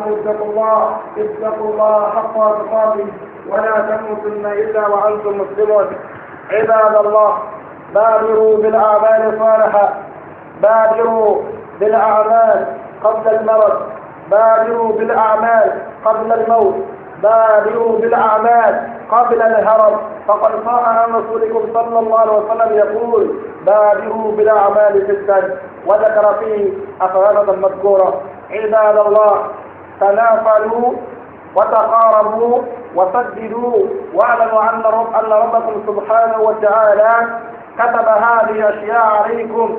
اتقوا الله اتقوا الله حق تقاته ولا تموتن الا وانتم مسلمون عباد الله بادروا بالاعمال الصالحه بادروا بالاعمال قبل المرض بادروا بالاعمال قبل الموت بادروا بالاعمال قبل الهرب فقد صح عن رسولكم صلى الله عليه وسلم يقول بادروا بالاعمال جدا وذكر فيه افعالا مذكوره عباد الله تنافلوا وتقاربوا وسددوا واعلموا أن رب أن ربكم سبحانه وتعالى كتب هذه الأشياء عليكم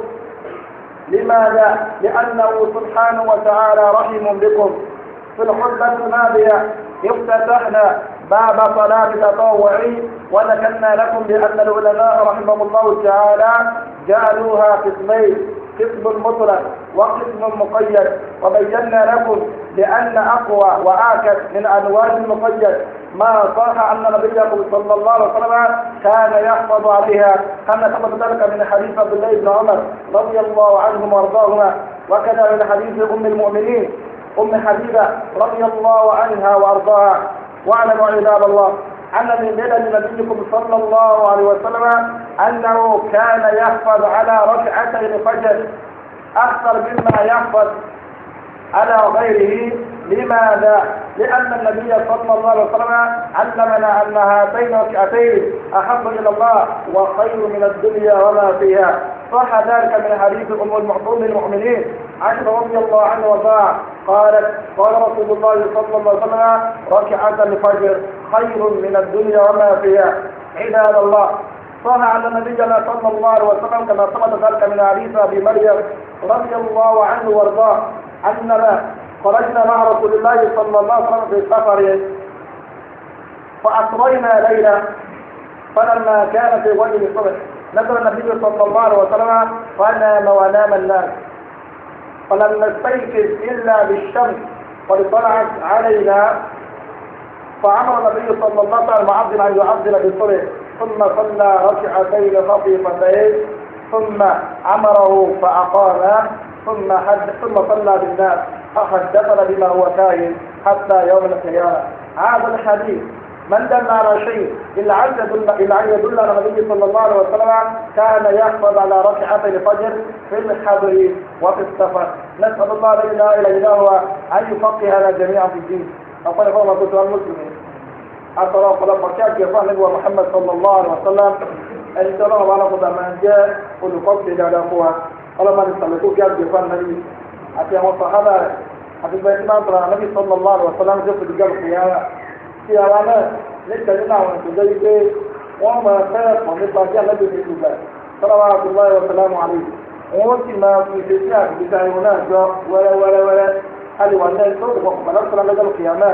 لماذا؟ لأنه سبحانه وتعالى رحيم بكم في الخطبة الماضية افتتحنا باب صلاة التطوع وذكرنا لكم بأن العلماء رحمهم الله تعالى جعلوها قسمين قسم مطلق وقسم مقيد وبينا لكم لأن أقوى وآكد من أنواع المقيد ما صح أن نبيكم صلى الله عليه وسلم كان يحفظ عليها كما ثبت ذلك من حديث عبد الله بن عمر رضي الله عنهم وارضاهما وكذا من حديث أم المؤمنين أم حبيبة رضي الله عنها وأرضاها واعلموا عباد الله أن من بلد نبيكم صلى الله عليه وسلم أنه كان يحفظ على ركعتي الفجر أكثر مما يحفظ على غيره لماذا؟ لأن النبي صلى الله عليه وسلم علمنا أن هاتين الركعتين أحب إلى الله وخير من الدنيا وما فيها صح ذلك من حديث أم المعصوم المؤمنين عن رضي الله عنه وارضاه قالت قال رسول الله صلى الله عليه وسلم ركعة الفجر خير من الدنيا وما فيها عباد الله صنع أن نبينا صلى الله عليه وسلم كما ثبت ذلك من حديث أبي مريم رضي الله عنه وارضاه أننا خرجنا مع رسول الله صلى الله عليه وسلم في سفر فاقضينا ليلا فلما كان في وجه الصبح نزل النبي صلى الله عليه وسلم فنام ونام الناس فلم نستيقظ إلا بالشمس قد طلعت علينا فأمر النبي صلى الله عليه وسلم معظم أن يعظم بالصبح ثم صلى ركعتين خفيفتين ثم عمره فأقام ثم حد ثم صلى بالناس فحدثنا بما هو كائن حتى يوم القيامة هذا الحديث من دل على شيء إلا أن يدل إلا أن على النبي صلى الله عليه وسلم كان يحفظ على ركعة الفجر في الحضر وفي السفر نسأل الله لا إله إلا هو أن يفقهنا جميعا في الدين أقول لكم أن كنت مسلمين atọrọ ọ̀pọ̀lọpọ̀ kí àgbẹfọ àlẹbùwà Muhammad sallallahu alaihi wa sallam ẹni tí Ọlọ́run bá lọkọta máa ń jẹ olùkọ́ kiri dáadáa fún wa ọlọmọdé sàlẹkọ kí àgbẹfọ àlẹbùwà àti àwọn sàhábà rẹ̀ àti bẹ́ẹ̀ tí máa sallallahu alaihi wa sallam jẹ fún ìdíjà òkú yára tí ara náà níta nínú àwọn ìtòjọ yìí pé wọn máa fẹ́ pọ̀ nípa bí àlẹbì ní ìlú bẹ́ẹ̀ sọlọ́wọ́ àtúbọ̀ ẹ̀rọ sàlámù àlejò wọn sì máa fi ìṣesí àgbègbè ayọ̀ náà jọ wẹ́rẹ́wẹ́rẹ́wẹ́rẹ́ alìwà náà tó ìwọ̀n kọ̀ọ̀kan lọ́sọ̀rọ̀ lọ́jọ́ kìyàmẹ́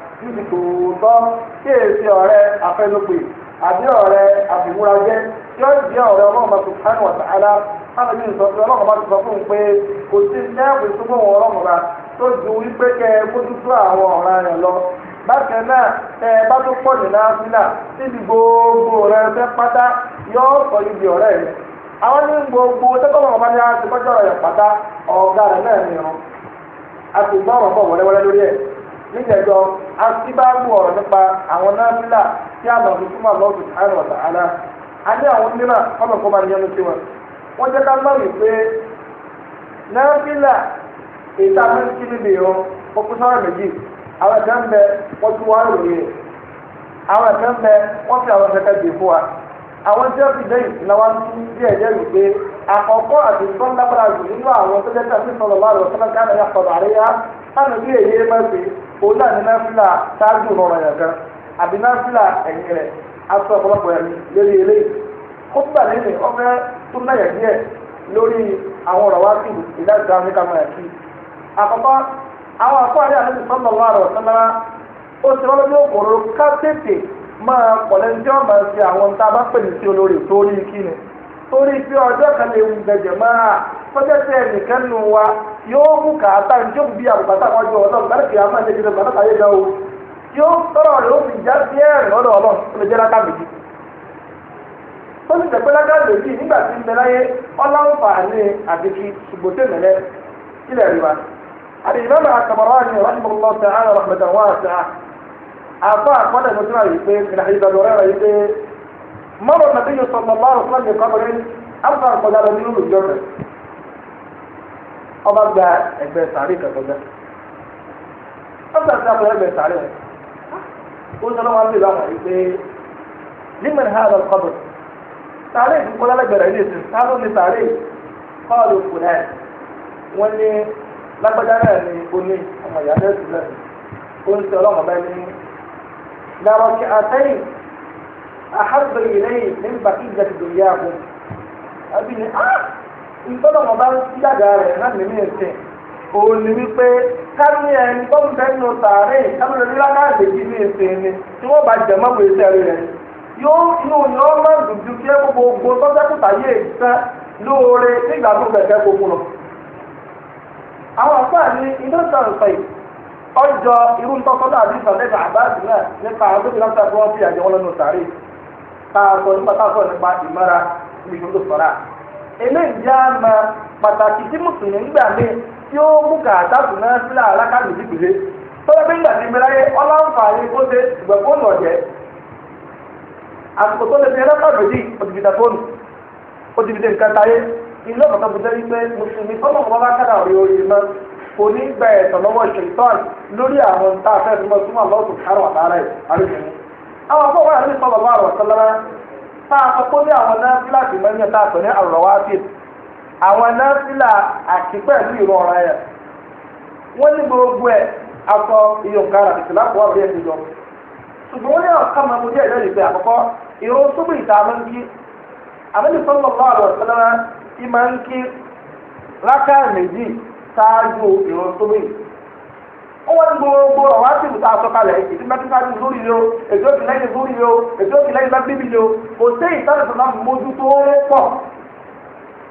níbi tòótọ́ tí èsì ọ̀rẹ́ afẹnugbe àbí ọ̀rẹ́ àfìmúrajẹ tí ó di ọ̀rẹ́ ọlọ́run bá tó sánú ọ̀tá alá sábà bí nsọ ọlọ́run bá tó sọ fún un pé kò sí ìsúnmọ́ wọn ọlọ́run tó ju wípé kẹ mójútó àwọn ọ̀ràn rẹ̀ lọ bákan náà ẹ gbogbo pátá níjẹ̀jọ́ asíbáàbù ọ̀rọ̀ nípa àwọn náfìlà tí a lọ fi túmọ̀ lọ́sùn àrùn ọ̀tà àlá a ní àwọn onímọ̀ ọmọ kó máa yẹnu sí wọn wọ́n jẹ́ ká mọ̀ wípé náfìlà ìta mẹ́sìkì níbi ìrún kú méjì àwọn ẹ̀ka ń bẹ wọ́n tún àwọn ẹ̀ka ń bẹ wọ́n fi àwọn ẹ̀ka dè fún wa àwọn táwọn bí èyí ẹ máa ṣe òun náà ní náfìlà ṣáájú ìrọ̀rùn ẹ̀yàn kan àbí náfìlà ẹ̀yìn rẹ̀ aṣọ ọ̀pọ̀lọpọ̀ ẹ̀mí lórí eléyìí kópa nínú ọ̀fẹ́ tó náyà díẹ̀ lórí àwọn ọ̀rọ̀ wá sí ìdájọ́ amẹ́ríkà máa kí àkọ́kọ́ àwọn àkọ́rẹ́ àlejò sọ́nà láàrọ̀ sọ́nà ó ti wọ́n lọ́dún òkòrò ká tètè máa torí pé ọjọ́ kan lè wù gẹ̀jẹ̀ máa fọ́jọ́ ẹnìkan nù wa yóò mú kàáta njó bí àbùkátà wọn jọ ọlọ́run bẹ́ẹ̀ kì máa o yóò tọrọ rẹ ó fi já sí ẹ̀rìn ọ̀dọ̀ ọlọ́run ó lè jẹ́ láká méjì sì tẹ̀pẹ́ láká méjì nígbà tí ń bẹ láyé àdìkí ṣùgbọ́tẹ́ mẹ́lẹ́ ilẹ̀ rí wa náà مر النبي صلى الله عليه وسلم بقبر أربع قدامى منهم الجنة ọba gba ẹgbẹ́ sàárè kẹkọjá ọba gba ẹgbẹ́ sàárè rẹ ó sọ náà wọn bí lọ́wọ́ yìí pé liman hada al-qabr sàárè ìdúkọlá lẹgbẹrẹ ilé ìsìn sàárè ní sàárè kọọlù fúnẹ wọn ní lágbájá náà ní oní ọmọ ìyá náà sílẹ̀ ó ń sọ ọlọmọbẹ ní làwọn kí àtẹyìn. أحب إليه من بقية دنياكم أبني آه ìtọ́lọ̀ wọn bá ń dàgbà rẹ̀ náà nínú ẹ̀sẹ̀ òun ni wípé kámi ẹni tó ń bẹ nínú sàárẹ̀ kámi lórí lákàtà èyí ní ẹsẹ̀ ni yóò inú ni wọ́n kí ẹ gbogbo ogun tọ́jọ́kùtà yé ìtẹ́ lóore nígbà tó gbogbo lọ. àwọn àfáà ní iná irú nípa àdókòlá káàkó nípa káàkó nípa ìmọ̀ra ní gbogbo sọ̀ra. eléyìí já ma pàtàkì tí mùsùlùmí gbà mí tí ó mú kà sáàtù náà sílẹ̀ alákàlù sí gbèlè tọ́lá bí gbà tí mi láyé ọlọ́nfààní kó ṣe ìgbà fóònù ọ̀jẹ́ àsìkò tó lè fi ẹlẹ́kọ̀ọ́ méjì òdìbìtà fóònù òdìbìtà nǹkan táyé ilé ọ̀pọ̀ tó jẹ́ wípé mùsùlùmí tó mọ̀ wọ́n bá kádà orí orí mọ́ kò ní gba ẹ̀tọ́ lọ́wọ́ lórí àwọn tá a fẹ́ fún ọ awa afọ wà ní sọlọ a sọ pé ní àwọn náfìlà a pè ní àrùrọ̀wá sí àwọn náfìlà àti pẹ̀lú ìrọ̀rùn ẹ̀ wọ́n ní gbogbo ẹ̀ akọ iyọ̀nká àti tìlápù wà bẹ́ẹ̀ níjọ ṣùgbọ́n wọ́n ní àwọn kàmá mo jẹ́ ìlẹ́yìn pé àkọ́kọ́ ìrọ̀ sóbì ìta máa ń kí àmì sọlọ bá àrùn sọlọ ti ó wá gbogbo ọ̀wá sí ìbùsọ̀ àsọkalẹ̀ ìdí mẹ́tíkájú lórí ni èdè òkè lẹ́yìn lórí o èdè òkè lẹ́yìn lọ́gbìn mi ni o kò sí ìtọ́jú tó náà mójú tó pọ̀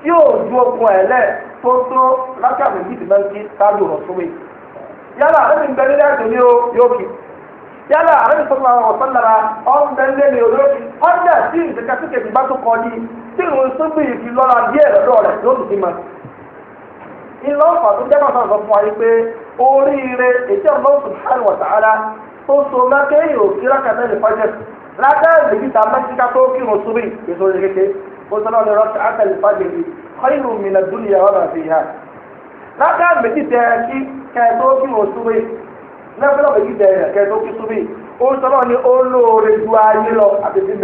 tí ju okun ẹ̀ lẹ̀ tó tó láti àmì ìdí mẹ́tíkí yálà ń bẹ nílé ẹ̀sìn yóò kì yálà tó máa ọ̀n bẹ nílé ni ọ̀dà ìdíkà sí ma. oríire ètí Allah subhanahu wa ta'ala tó so mẹ́kẹ́ yìí ò kí lè fajr látà lèbi mẹ́síkà tó kírun súbì èso lè kéke ó sọ náà lè rákàtà lè fajr yìí khayrun minad dunya wa ma fiha látà méjì tẹ̀ kí kẹ́ẹ̀ tó kírun ó sọ náà ó lóore ju ayé lọ àti ti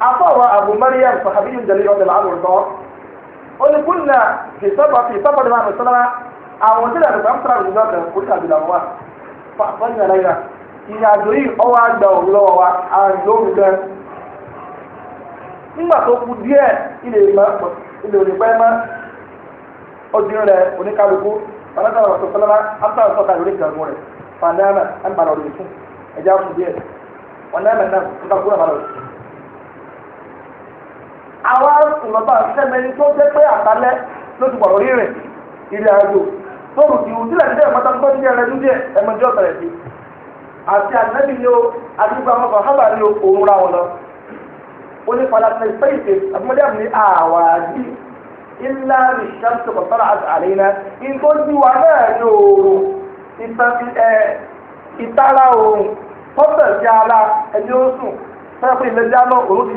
afọwọ́ Abu Maryam sahabiyun jalil ọ̀dọ̀ làwọn ọ̀dọ́ olùkúnlẹ̀ fi sọ́kọ̀ fi sọ́kọ̀ ní màmí sọ́lá àwọn tí lẹ́nu kan sọ́ra ìjọba kan kúrò tàbí làwọn wa fọ́n ní aláìra ìyàdó yìí ọwọ́ àgbà òun lọ́wọ́ wa àrùn lóhùn gan nígbà tó kú díẹ̀ ilé ìpẹ́ mọ́ ọdún rẹ̀ oníkálukú fanadala wa sọsọlọla an taara sọ ka yọrọ gan mọrẹ fa nẹẹma an bala o de fun ẹdiya kun bẹ yen wa nẹẹma nẹẹma n ka kura bala o àwa ìmọ̀tà sẹ́mẹ́ni tó jẹ́ pé àtàlẹ́ ló ti pọ̀rọ̀ rírìn ilẹ̀ àjò tóòrù ti wù sílẹ̀ ní ẹ̀mọ́ta tó ní na ní ẹ̀mọ́jú ọ̀tẹ̀rẹ̀ sí àti ànábì ni ó àdúgbò hábà ni òun ra wọn ó ní àmì àwà àdí ilá náà ní ìtara sí ara ẹni ó sùn fẹ́ẹ́ pé ìlẹ́jà náà ti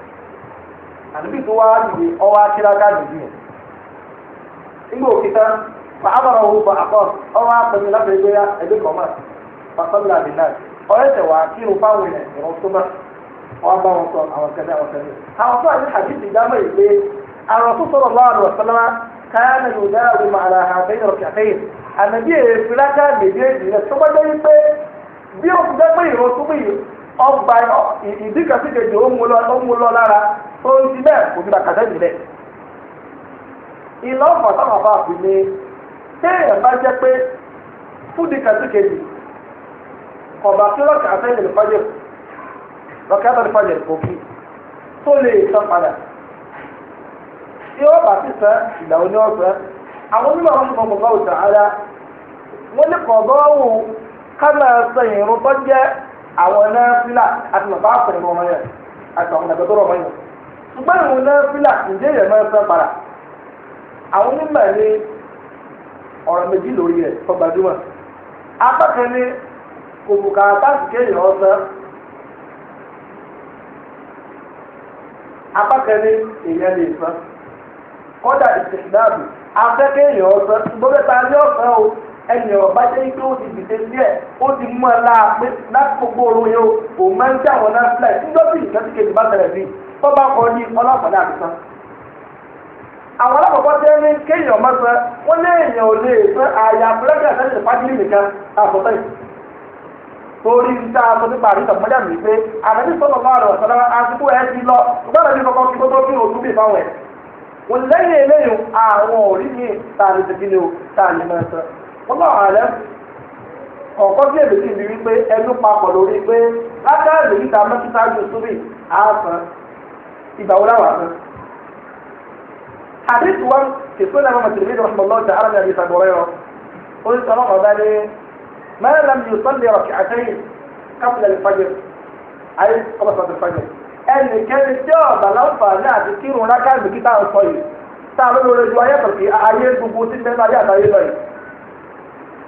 àdúgbò tó wá dìde ọwọ́ akílágá dìde yẹn nígbà òkúta fa abọ́rọ̀ owó fa àkọ́ ọwọ́ apẹ̀mí láti ẹgbẹ́ ya ẹgbẹ́ kọ́mà ọ. àdínà ọ̀rẹ́ tẹ̀ wá ya fáwọn èèyàn ìrọ̀ tó bá wọ́n bá wọn sọ àwọn kẹ́lẹ́ àwọn kẹ́lẹ́ àwọn tó àti àdìsí dámọ̀ yìí pé àrùn tó sọ̀rọ̀ lọ́wọ́ ọgbà ìdí kan ó mú lọ lára tó ń ti bẹ́ẹ̀ kò fi bàkàtà jù bẹ́ẹ̀. ìlọ fàtàmà ní téèyàn bá jẹ́ pé fúdi kan sí ọ̀bà tí lọ́kà àfẹ́yìn lè lọ́kà àfẹ́yìn fọ́jẹ̀ òkè tó lè san padà. tí ó bá àwọn náfìlà àti màbá àpẹẹrẹ wọn yẹn àti àwọn àgbẹ̀tọ́ rọ̀ mọ́yìn. ṣùgbọ́n ìwọ̀n náfìlà ǹjẹ́ yẹn máa para. àwọn onímọ̀ ọ̀rọ̀ méjì lórí lè kọ́dà gbọ́dọ̀ ta o. ẹnì ọba jẹ́ ike ó ti dìde díẹ̀ ó ti mú ẹ láàpẹ́ láti gbogbo orun yẹn o kò máa ń jẹ́ àwọn náà fúlẹ̀ níjọ́ bí ti kejì bá bẹ̀rẹ̀ bí tó bá kọ ní ọlọ́pàá náà nìkan. àwọn alákọ̀ọ́kọ́ tẹ́ ní kéèyàn máa sọ wọ́n lé èèyàn ò lè àyà nìkan torí a sọ nípa ọlọ́run àlẹ́ ọ̀kọ́ tí èmi kì í wípé ẹnu papọ̀ lórí pé látàrí ìta mẹ́títa ju súbì àásán ìgbà wo láwàá sàn. àdéhùn wa kìsó náà wọn tìrìbí ìjọba ọmọ lọ́jà ara ní àbí ìsàgbọ̀ rẹ̀ ọ. ó ní sọ lọ́kọ̀ bá ní mẹ́rin lẹ́nu yóò sọ́lẹ̀ ọ̀kẹ́ àtẹ́yìn káfíńlẹ̀ lè fàjẹ́ ayé ọba sọ̀tẹ̀ fàjẹ́. ẹnìkẹ́ni tí ọ̀bà láǹfààní àti kírun rákàmì kí táwọn sọ yìí táwọn olóore ju ayé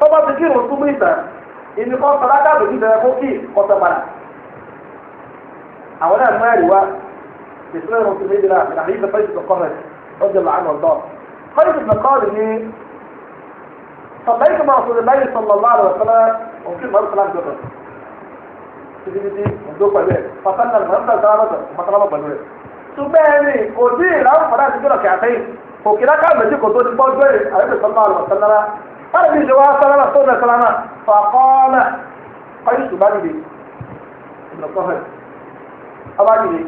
tọ́ba ti kírun súnmọ́ ìtàn ìní kan sọ lákàtà òjì tẹ̀lé fún kí ọ̀sẹ̀ padà. àwọn náà máa rí wa ìṣúná ìrùn tún lébi náà àbí ìfẹ́ fẹ́ẹ́ ìṣòkò rẹ̀ ọjọ́ làánù ọ̀dọ́. fẹ́ẹ́ ìṣòkò rẹ̀ ni sọ̀bẹ́ẹ̀kì máa sọ̀rọ̀ báyìí sọ̀rọ̀ láàrọ̀ sọ́lá òfin mọ́tò sọ́lá jọ̀dọ̀ títí ọdọ pẹ̀lú ẹ̀ pàtàkì mọ́tò sọ́lá mọ́tò mọ́tò pẹ̀lú ẹ̀. sùgbẹ́ẹ̀ni kò tí ì láǹfààní àti jọ̀dọ̀ kẹ̀ àtẹ́yìn òkè lákàmẹ́jì kò tó ti gbọ́ bára bí ìṣòwò sálámà tó nà sálámà fàkọ́ọ́nà ọyún ṣùgbọ́n nìyí ìlọsọ́fẹ̀ ọba nìyí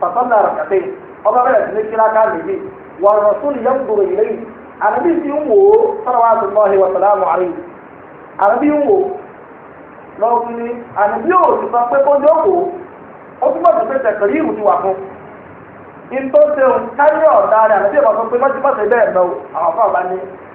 fàtọ́nà àràkàtẹ́ ọba bẹ̀rẹ̀ sí ní kíláàkà nìyí wà rọ̀sùn yẹn gbòòrò yìí lẹ́yìn àbí ti ń wò ó sọ́nà wàá tó lọ́ọ́ hẹ́wà sàlámù àríyìn àbí ń un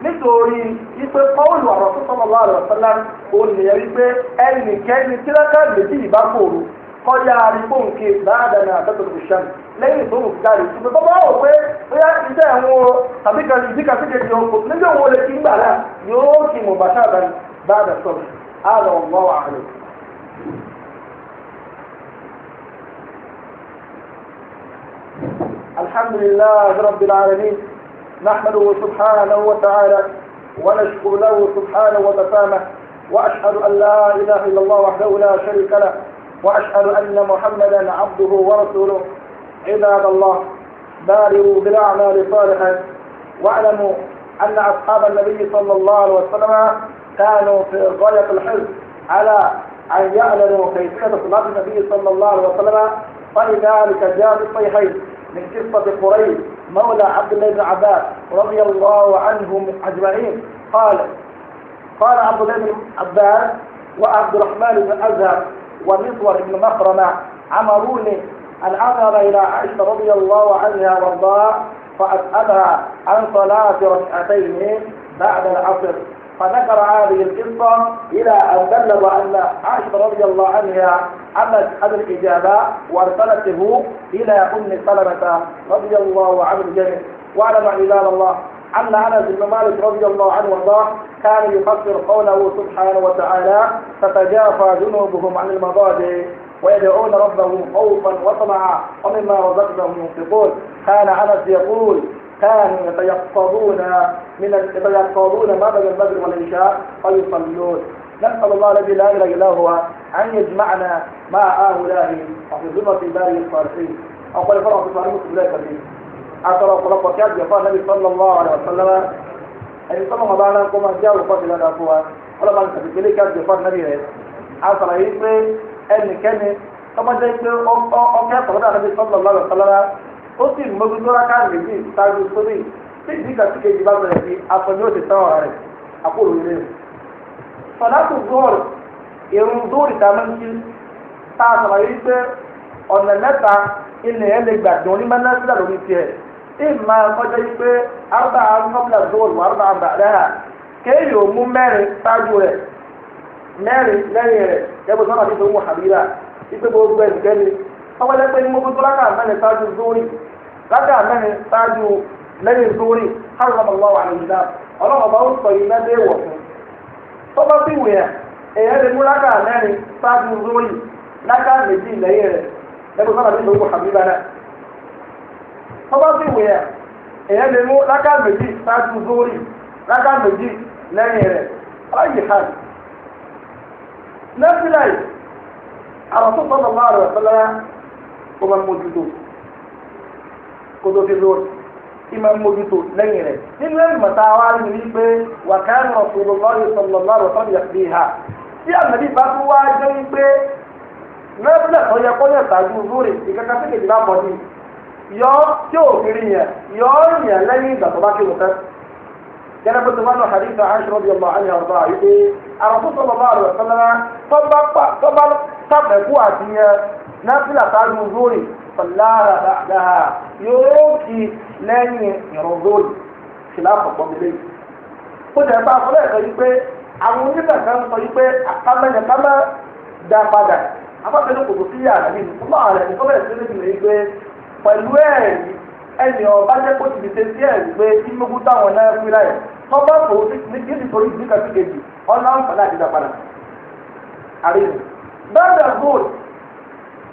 nítorí ipe pọ́ọ̀lù ọ̀rọ̀ tó sọ́mọ́ lọ́wọ́ àlọ́ sọ́lá ó nìyẹn wípé ẹnìkẹ́ni tíráká méjì ìbá kòòrò kọjá àríkó nǹkan ìdáradára àtẹ́tọ̀ ìṣẹ́m lẹ́yìn tó ń jáde ṣùgbọ́n tó bá wò pé bóyá iṣẹ́ àwọn tàbí kan ìdí kan sí kejì ọkọ̀ nígbà wo lè kí gbà náà yóò kí mo bàtà àdáni bá dà sọ̀rọ̀ àlọ́ ọ̀gbọ́n wà á alhamdulilayi rabbil alamin. نحمده سبحانه وتعالى ونشكر له سبحانه وتسامح وأشهد أن لا إله إلا الله وحده لا شريك له وأشهد أن محمدا عبده ورسوله عباد الله بارئوا بالأعمال صالحا واعلموا أن أصحاب النبي صلى الله عليه وسلم كانوا في غاية الحرص على أن يعلنوا كيفية صلاة النبي صلى الله عليه وسلم فلذلك جاء في الصحيحين من قصة قريش مولى عبد الله بن عباس رضي الله عنهم أجمعين قال قال عبد الله بن عباس وعبد الرحمن بن أزهر ومصور بن مخرمة عمروني أن أذهب إلى عائشة رضي الله عنها وارضاها فأسألها عن صلاة ركعتين بعد العصر فذكر هذه القصة إلى أن بلغ أن عائشة رضي الله عنها عملت هذا الإجابة وأرسلته إلى أم سلمة رضي الله عنه الجميع واعلم عباد الله أن أنس بن مالك رضي الله عنه وارضاه كان يفسر قوله سبحانه وتعالى تتجافى جنوبهم عن المضاجع ويدعون ربهم خوفا وطمعا ومما رزقناهم ينفقون كان انس يقول كانوا يتيقظون من يتيقظون ما بين الفجر والعشاء فيصلون نسأل الله الذي لا إله إلا هو أن يجمعنا مع هؤلاء وفي ظلمة باري الصالحين أو قال فرع في صحيح مسلم ذلك فيه أثر وطلب وكاد يقال النبي صلى الله عليه وسلم أن صلى ما عليه وسلم قم جاء وفاة إلى الأخوة ولا ما نسبت إليه كاد يقال النبي عليه أثر يسري أن كان طبعا جاي يسري أو كاد صلى الله عليه وسلم ó sì mójútó rákà méjì ṣáájú sórí tí ìdí kàtí kejì bá bẹ̀rẹ̀ sí ó ti tán rẹ̀ ilé rẹ̀. irun tá a sọ̀rọ̀ yìí pé ọ̀nà mẹ́ta ilẹ̀ ẹ̀ lè gbà dùn ní mẹ́nẹ́sílà lórí tiẹ̀ ìmọ̀ kọjá yìí pé arúgbà arúgbà ò mú mẹ́rin rẹ̀ mẹ́rin lẹ́yìn rẹ̀ tó rákà mẹ́rin ṣáájú lẹ́yìn sórí hàrùmọ́lá wà nínú náà ọlọ́run bá ń sọ yìí náà léèwọ̀ fún tó bá sì wù yẹn èèyàn lè mú rákà mẹ́rin ṣáájú sórí rákà méjì lẹ́yìn rẹ̀ lẹ́gbẹ́ sábà nínú na àbíbá náà tó bá sì wù yẹn èèyàn lè mú rákà méjì ṣáájú sórí rákà méjì lẹ́yìn rẹ̀ ọ̀yìn hàn lẹ́fíláì kótó fi lórí ìmọ̀ mójútó lẹ́yìn rẹ̀ nínú ẹ̀rí mọ̀tá wa rí ni pé wà ká ń rọ̀pò lọ́rí sọ̀lọ́lá rọ̀tọ́ yà fi hà tí àmàlí bá tún wá jẹ́ wípé lẹ́bùnà tó yẹ kọ́yọ̀ tàbí lórí ìkàkà sí kejì bá mọ̀dí yọ tí ò fi rí yẹn yọ yẹn lẹ́yìn ìgbà tó bá kí wọ́n gẹ́gẹ́ bó ti wá lọ hadith aṣọ bí ọmọ àyà ọ̀dọ́ àyíké àròkú sọ̀lọ́lá rọ̀tọ́ sọlára dáadáa yóò kí lẹ́yìn ìrọ̀gọ́lù kìláàfọ̀ pọ̀gbẹ́lẹ́ yìí. ó jẹ́ bá afọ́lẹ́ ẹ̀kọ́ yìí pé àwọn onímọ̀ kan sọ yìí pé àkámẹ́yẹ kámẹ́ dá padà afọ́fẹ́lẹ́ kò tó sí yàrá nínú ọmọ rẹ̀ ní kọ́mẹ́rẹ́ tó lébi rẹ̀ pé pẹ̀lú ẹ̀rí ẹni ọba jẹ́ kó ti dìde sí ẹ̀rí pé kí mọ́gú táwọn náà fi láyọ̀ tọ́gbà tó ní kí ni torí ìdíkà sí kejì ọ̀nà àǹfààní àti dá padà. bẹ́ẹ̀ bẹ́ẹ̀ gold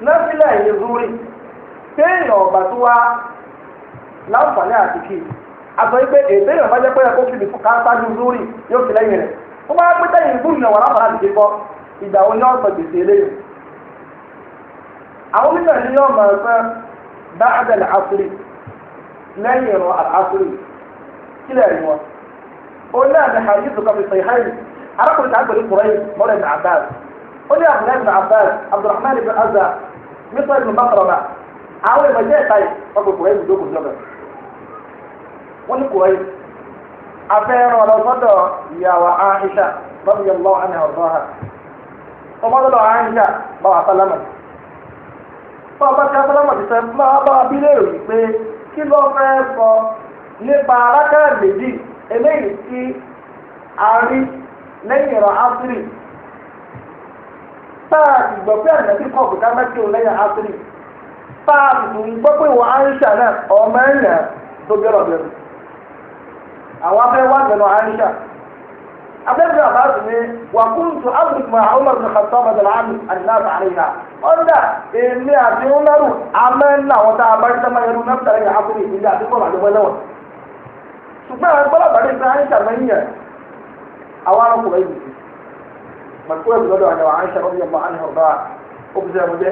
náà sílẹ̀ ìyẹn zúrí téèyàn ọ̀gbà tó wá láǹfààní àti kì í àtọ́ yìí pé ètéèyàn bá jẹ́ pé ẹ̀kọ́ kìlì fún káńtájú lórí yóò fi lẹ́yìn rẹ̀ ó máa pé tẹ́yìn ìlú ìnáwó aláǹfààní àti kíkọ́ ìgbà wo ni ọ̀sán gbèsè eléyìí. àwọn onímọ̀ ní yóò máa fẹ́ bá àdàlẹ̀ àṣírí lẹ́yìn ìrọ̀ àṣírí kílẹ̀ rí wọn. ó ní àmì hadith kan fi arákùnrin ó ní àwọn èèmọ̀ jẹ́ ìta yìí wọ́n pe kùrẹ́yìn ìdókòó jọba wọ́n ní kùrẹ́yìn afẹ́ràn ọlọ́sọ́dọ̀ ìyàwó Aisha bọ́bí yẹn ọ̀dọ́ ha ọmọdọ́dọ̀ bá wà sálámà a sálámà ti sẹ́ máa bá pé kí fẹ́ sọ nípa eléyìí tí a rí lẹ́yìn ìrọ̀ áfírì táà kọ̀ọ̀kù ká fáàmù gbọ́ wa wọ́n á ń ṣà náà ọmọ ẹ̀yà tó gbẹ́rọ̀ bẹ̀rù àwọn ma wá gbẹ̀nà á ń ṣà abẹ́bẹ̀ àbáṣe ni wà kún tu abdulmọ̀ àwọn ọmọ ìkàtọ́ ọmọdé láàmì àdínàbà àríyá ọ̀dà èmi a bá ṣe máa yẹnu náà tẹ̀lé àkúrò ìdílé a bọ́ọ̀lù àdúgbò lẹ́wọ̀n ṣùgbọ́n wa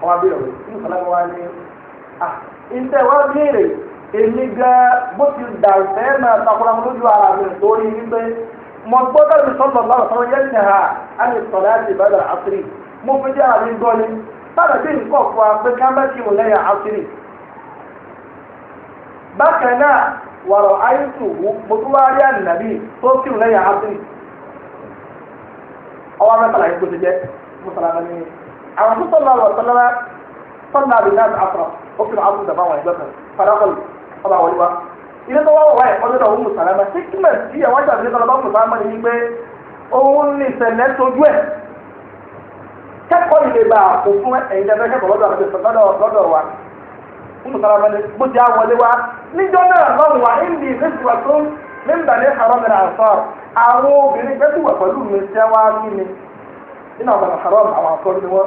wọn abẹ́rẹ́ wẹ̀ ní ìfọlágbá ah, wa ni, ah ìtẹ̀ wá béèrè èmi gan bó ti dà fẹ́ máa takura mo lójú ara mi lórí wípé mo gbọ́ dábì sọ́dọ̀ bá ọ̀sán yẹn ní ha á lè sọ̀rọ̀ àti ìbàdàn àṣírí mo fi jẹ́ àmì gbọ́ ni sábà bí nǹkan fún wa pé ká má kí mo lẹ́yìn àṣírí. bákan náà wàrọ̀ ayé tù wú mo tún wá rí ànàbí tó kí mo lẹ́yìn àṣírí. ọwọ́ mẹ́tàlá yìí kò ti jẹ́ mo sàlámà ní àwọn tó sọ̀rọ̀ àwọn sọ̀rọ̀ sọ̀rọ̀ àbí náà àfọ̀ ó fi máa fún dàbá àwọn ẹgbẹ́ kan farakọ̀lù ọba wọlé wa ilé tó wá wọ̀ wáyé ọdún náà ó mú sàlámà síkìmẹ̀ sí àwọn àṣà ìdílé tọ́lọ́bá mùsà mọ́ ni pé òun ní ìṣẹ̀lẹ̀ sojú ẹ̀ kẹ́kọ̀ọ́ ìlè bá kò fún ẹ̀yin dẹ́gbẹ́ kẹ́kọ̀ọ́ lọ́dọ̀ àti lọ́dọ̀ wa mú sàlámà ni bó àwọn obìnrin fẹ́sùwà pẹ̀lú mi ṣẹ́ wá mi nínú àwọn haram àwọn àǹfààr ni wọ́n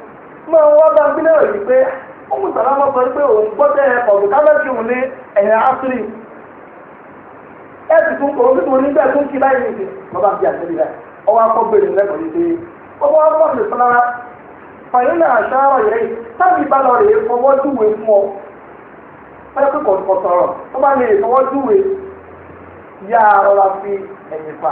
máa wá bá ń bí náà yìí pé ọmọ ìsàlámọ́ sọ pé òun gbọ́dọ̀ ọ̀dọ̀ kábẹ́ẹ̀kì òun ní ẹ̀yìn áfírì ẹ̀sì tún kò ojú tó nígbà tó kí báyìí nìkan bàbá àti àtẹ̀lé rẹ̀ ọwọ́ akọ́gbèrè lẹ́kọ̀ọ́ yìí pé ọwọ́ akọ́gbèrè fúnra yẹn tábì bá lọ rèé fọwọ́ júwe fún ọ sọ̀rọ̀ tó bá lè fọwọ́ júwe yá rọra fi ẹ̀yìn fà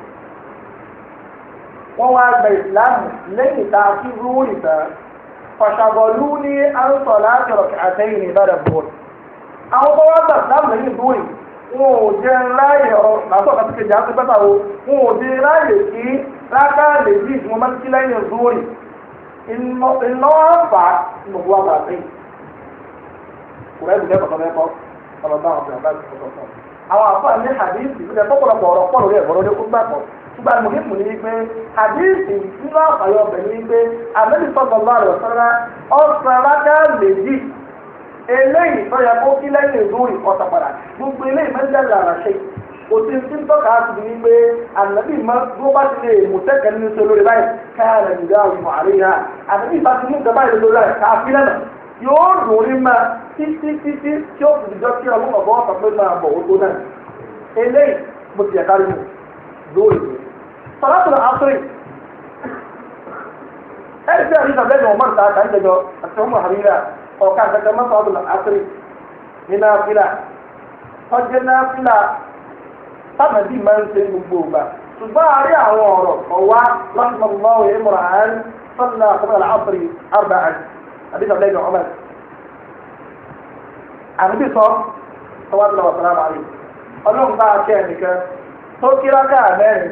wọ́n wá gba ìsìláàmù lẹ́yìn tá a fi rúwú nìtàn fàṣàgọ̀lú ní ansọ̀ láti rọ̀kì àtẹ́yìn ní ìbàdàn bọ́ọ̀lù. àwọn bọ́wá gbà ìsìláàmù lẹ́yìn rúwú yìí wọn ò jẹ láàyè ọ làásọ̀ kàtí kejì àti pẹ́pà wo wọn ò jẹ láàyè kí láká lè bí ìfún kí lẹ́yìn yìí iná kò rẹ́ ọ̀rọ̀ bá gba mùkíkù ní pe, hadithi nínú àpàyọ ọbẹ̀ ní pé àmẹ́lìfọ́gbọ̀ bá rẹ̀ sọ́ra ọ̀sán rákà méjì eléyìí tó yẹ kó kí lẹ́yìn ìlú ìkọ́ta padà gbogbo eléyìí mẹ́jẹ̀ lára ṣe òtí ti ń tọ́ka àtúndì ní pé ànábì máa bí wọ́n bá ti lè mú tẹ́kẹ̀ nínú iṣẹ́ lórí báyìí káyà rẹ̀ nígbà àwọn àríyá ànábì bá ti mú nǹkan báyìí lórí rẹ̀ káà fi lẹ́nà yóò dùn rí máa títí títí tí ó fìdí jọ kí ọlọ́mọ̀bọ́ ọ̀sán pé máa bọ̀ ó tó náà eléyìí mo ti yẹ kárí mu lóòrè sàlátùlù àṣírí ẹni tí a ní sàbẹ́ni ọmọ nta kà ń jẹjọ àti ọmọ àríyá ọ̀ka àgbẹ̀jọ mọ́ sàlátùlù àṣírí ní náfìlà ọjọ́ náfìlà sábàbí máa ń ṣe gbogbo ògbà ṣùgbọ́n àárín àwọn ọ̀rọ̀ ọ̀wá lọ́sọ̀mọ́wọ́ ìmọ̀ràn àárín sọ́nà àkọ́bẹ̀lá àṣírí àrùbá àti sàbẹ́ni ọmọ àbíbí sọ tọ́wọ́ lọ́wọ́ sàlámù àlè ọlọ́run bá a kẹ́ ẹnìkan tó kíra káà mẹ́rin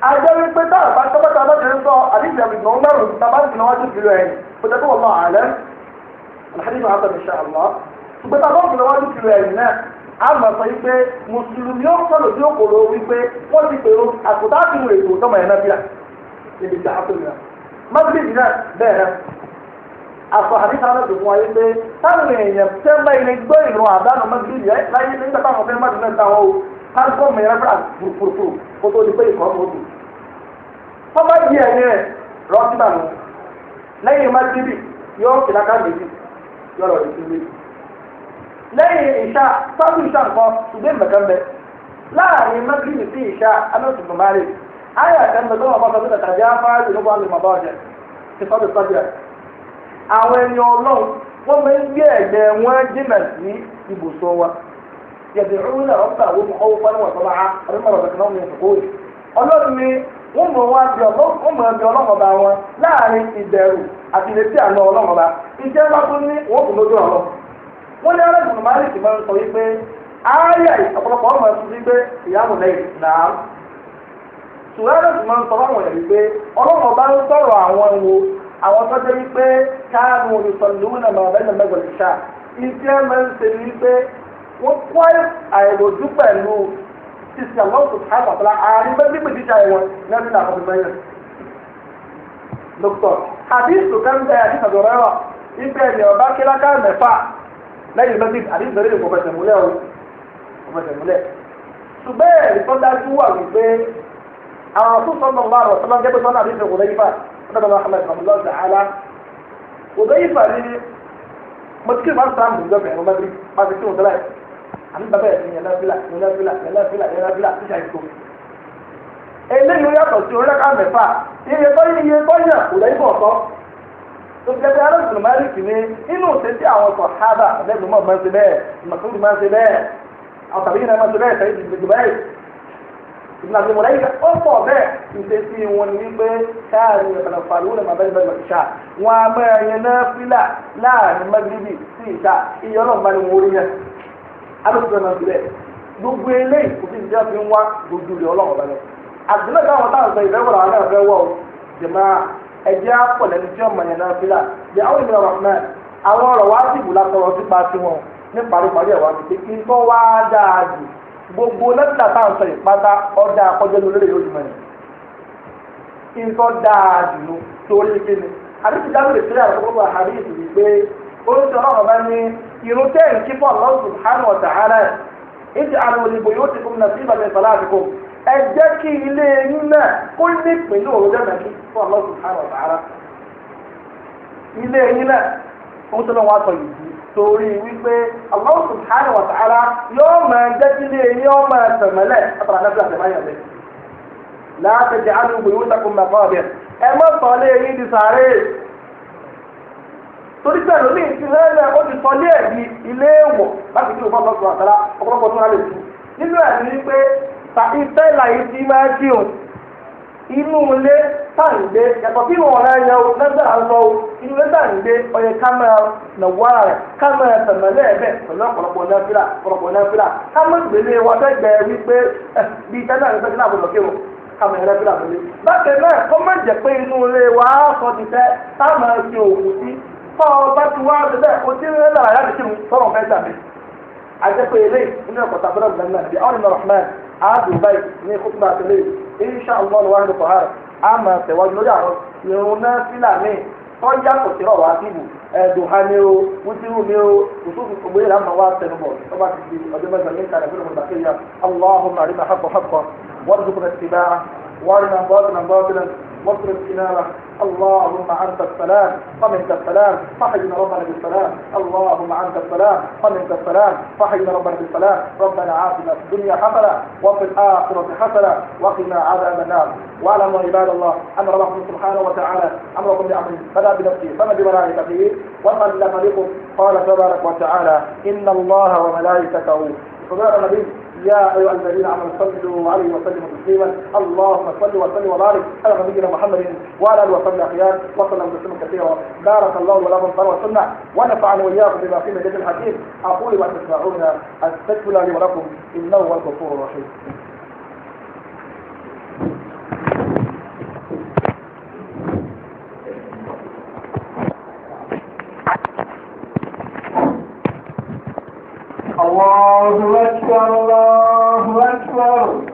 ajẹ́ wípé táwọn bá tọ́ bàtà bàtà ń sọ àdìsí àmì ìgbọ̀n mẹ́rù bàbá ń gbìyànjú kìlọ̀ ẹ̀ kò tẹ́ fún wọn àlẹ́ alhadi ma hasa insha Allah ṣùgbọ́n táwọn bá gbìyànjú kìlọ̀ ẹ̀ náà a mọ̀ sọ wípé mùsùlùmí ó sọ̀rọ̀ sí wípé wọ́n ti àkùtà tó náà transform yẹn fúra gburugburu kó di pé ìkọ́ mọ́ òdù. wọ́n bá di ẹ̀yìn rẹ̀ bi nù lẹ́yìn ka yóò kìlá ká méjì yóò lọ rí sí méjì. lẹ́yìn ìṣá sọ́ọ̀tù ìṣá nǹkan ṣùgbọ́n ìmọ̀kan bẹ láàrin májídì sí ìṣá anọ́sùnmọ̀ máa rè ayé àtẹnudọ́ tó wà tàbí ti yẹ̀dùrún náà ọ̀pọ̀ àwọn olùkọ́wọ́ fún àwọn ọ̀tọ́lá àrùnmọ̀ràn ọ̀dọ̀ náà yẹn fòkó yìí. ọlọ́mọba wọn láàrin ìbẹ̀rù àti ìrètí àná ọlọ́mọba iṣẹ́ bá tún ní wọ́n kò lójú ọ̀rọ̀. wọ́n ní sọ wípé ọ̀pọ̀lọpọ̀ ọmọ wípé ìyáàmù lẹ́yìn náà. ṣùgbọ́n máa ń sọ ọlọ́mọba ń sọ̀rọ̀ àwọn àwọn wọ́n kọ́ àìròjú pẹ̀lú islam náà tó ká bàbá àárín bẹ́ẹ̀ bí ìdíjà ẹ̀wọ̀n náà nínú àkọ́bí mẹ́rin. dókítà àdìsù kan bẹ́ẹ̀ àdìsù àdọ̀rọ̀ ẹ̀wà ibẹ̀ ni ọba kíláká mẹ́fà lẹ́yìn mẹ́fì àdìsù lórí ìkọ̀ fẹsẹ̀múlẹ̀ o fẹsẹ̀múlẹ̀. ṣùgbọ́n ẹ̀rí tó dájú wà wípé àwọn tó sọ̀nà wà rọ̀ sọ́nà gẹ́gẹ́ sọ́nà àdìsù kò lẹ́yìnfà ọ̀dọ̀ bàbá àmì bàbá ẹ̀ yẹn lọ́fílà yẹn lọ́fílà yẹn lọ́fílà yẹn lọ́fílà tí ṣe àìkú. eléyìí yàtọ̀ sí orílẹ̀-èdè mẹ́fà iye tó yí iye tó yàn kò lẹ́yìn bọ̀ tọ́. tó fi ẹgbẹ́ alẹ́ sùn máa ń kì ní inú òṣèṣì àwọn sọ̀ hábà lẹ́gbẹ̀ẹ́ mọ́ máa ń ṣe bẹ́ẹ̀ màtúndì máa ń ṣe bẹ́ẹ̀ àwọn tàbí yìí náà máa ń ṣe bẹ́ẹ̀ sẹ́yìn ìdìbò báyìí ìgbìmọ̀ àti alùpùpù náà sílẹ̀ gbogbo eléyìí kò sí ìdíjà fi ń wá gbogbo rẹ̀ ọlọ́run balẹ̀ àdúrà táwọn táwọn sọ ìfẹ́ wọ̀rọ̀ àwọn náà fẹ́ wọ̀ jẹ̀mọ́ ẹ̀jẹ̀ àpọ̀lẹ̀ ní tí ọmọ yẹn náà fi là bí àwọn ìmọ̀ wà fún ẹ̀ àwọn ọ̀rọ̀ wá sì bùlá sọ̀rọ̀ sípa sí wọn ní paríparí ẹ̀ wá sí pé kí n tọ́ wá dáa jù gbogbo lẹ́tà táwọn sọ ìpátá ọ̀dà akọ́jọ́ lórí yóò jùmọ̀ yẹn kí n ní ìrún tẹ́ẹ̀rì kí fún Allah subhanahu wa ta'ala ij'alu li buyutikum nasiban min salatikum ẹ jẹ́ kí ilé yín náà kó ní wa ta'ala ilé yín náà ó tẹ́lẹ̀ sọ yìí torí wípé Allah subhanahu wa ta'ala yóò máa ilé máa tẹ̀mẹ́lẹ̀ látara náà àtẹ̀máyà láti jẹ́ yóò torí pé ẹlòmí ti na ó ti sọ ní ẹ̀bí ilé èèwọ̀ láti kí òfò ọ̀sán àtàrà ọ̀pọ̀lọpọ̀ tó lálẹ́ jù nínú ẹ̀ ní pé ta ìfẹ́ làyè ti máa dì o inú ilé tàǹdé yàtọ̀ bí wọn rẹ̀ yẹ o lẹ́gbẹ̀ àlọ́ o inú ilé tàǹdé ọyẹ kámẹ́rà rẹ̀ kámẹ́rà tẹ̀mẹ́lẹ́ ẹ̀bẹ̀ pẹ̀lú ọ̀pọ̀lọpọ̀ pé inú ilé wa á fáwọn bá ti wá bẹ́ẹ̀ ojú ẹ̀ náà yá bìtì sọ̀rọ̀ bẹ́ẹ̀ dàbí. àjẹpẹ́ ilé nínú ẹ̀kọ́ tàbílẹ̀ ọ̀gbìn náà bí ọ̀rìn rahman aadùn báyìí ní kútùbà àtẹlẹ́ insha allah wa rahmatulahi wa rahmatulahi a máa tẹ̀wájú lórí àwọn irun náà sílà míì tó yàtọ̀ sí ọ̀rọ̀ àtìbù ẹ̀dùn ha ni o wútírù ni o òṣùfù gbogbo yìí láwọn wá tẹnubọ̀ tó bá ti di ọjọ́ mẹ́ta ní ìtàn ìfúnni mọ̀tàkì yá allahumma arina haqqo haqqo wọ́n dùkú na tìbára wọ́n rìn na bọ́ọ̀tì na bọ́ọ̀tì na wọ́n tún na tìbára اللهم أنت السلام فمنك السلام فحينا ربنا بالسلام اللهم أنت السلام فمنك السلام فحينا ربنا بالسلام ربنا عافنا في الدنيا حسنة وفي الآخرة حسنة وقنا عذاب النار واعلموا عباد الله أن ربكم سبحانه وتعالى أمركم بأمره فلا بنفسه فما بملائكته ومن لملكه قال تبارك وتعالى إن الله وملائكته صدق النبي يا أيها الذين آمنوا صلوا عليه وسلموا تسليما اللهم صل وسلم وبارك على نبينا محمد وعلى آله وصحبه أخيار وسلم تسليما كثيرا بارك الله ولكم في وسلم ونفعنا وإياكم بما فيه من الحكيم أقول ما تسمعون أستغفر لي ولكم إنه هو الغفور الرحيم الله أكبر الله أكبر